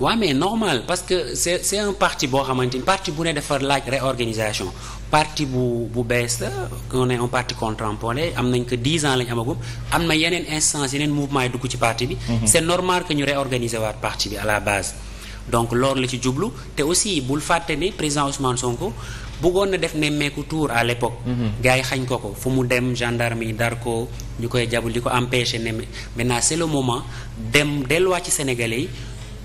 waaw mais normal parce que c'est c'est un parti boo xamante ni bu ne defar laaj réorganisation parti bu bu bees la on est un parti contemporain am nañ ko dix ans lañ amagum am na yeneen instance yeneen mouvement yi dugg ci parti bi mhm. c'est normal que ñu réorganiser waat parti bi à la base donc loolu la ci jublu te aussi bul fàtte ni président Ousmane Sonko bëggoon na def nemmeeku tour à l'époque mhm. gars yi xañ ko ko fu mu dem gendarme yi dar ko ñu koy jabul di ko empêcher nemme maintenant le moment dem delluwaat ci sénégalais yi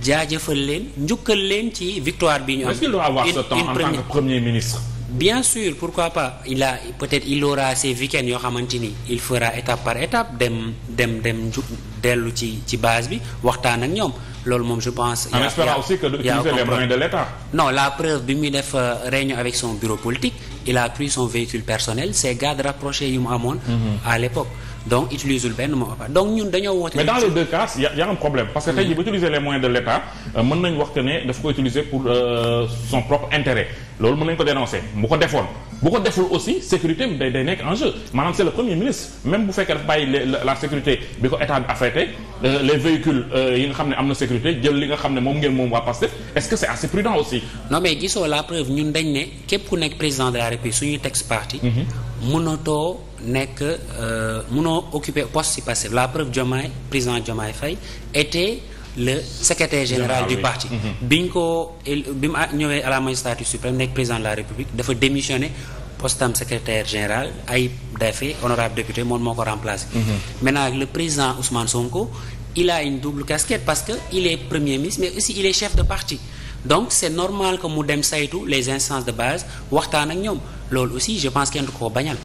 jaajëfal leen njukkal leen ci victoire bi ñu am. est-ce qu'il doit avoir ce temps en tant que premier ministre. bien sûr pourquoi pas il a peut-être il aura ses week yoo xamante ni il fera étape par étape dem dem dem ju dellu ci ci base bi waxtaan ak ñoom loolu moom je pense. y' a y' a aussi non la preuve bi muy def euh, réunion avec son bureau politique il a pris son véhicule personnel ses gardes rapprochés yu mu amoon. Mhm. à l'époque donc utiliser benn moo ëpp donc ñun dañoo woote. mais dans les deux cas y' a un problème. parce que mm. tey utiliser les moyens de l' Euh, mën nañu wax que ne daf ko utiliser pour euh, son propre intérêt loolu mën nañ ko dénoncer bu ko defoon bu ko deful aussi sécurité day day nekk en jeu maanaam c'est premier ministre même bu fekkee daf bàyyi la sécurité bi ko état bi affrété euh, les véhicules yi nga xam ne am na sécurité jël li nga xam ne moom ngeen moom waa Pastef est-ce que c'est assez prudent aussi non mais gisoo la preuve ñun dañ ne képp ku nekk président de la République suñuy texte parti mhm. mënatoo nekk mënoo occuper poste si Pastef la preuve Diomaye président Diomaye Faye le secrétaire général du parti mhm. biñ ko bi mu ñëwee à la magistrature suprême nekk président de la république dafa démissionné postam secrétaire général Ayib Daffé honorable député moom moo ko remplacé mhm. maintenant le président Ousmane Sonko il a une double casquette parce que il est premier ministre mais aussi il est chef de parti donc c'est normal que mu dem saytu les instances de base waxtaan ak ñoom loolu aussi je pense kenn ko bañal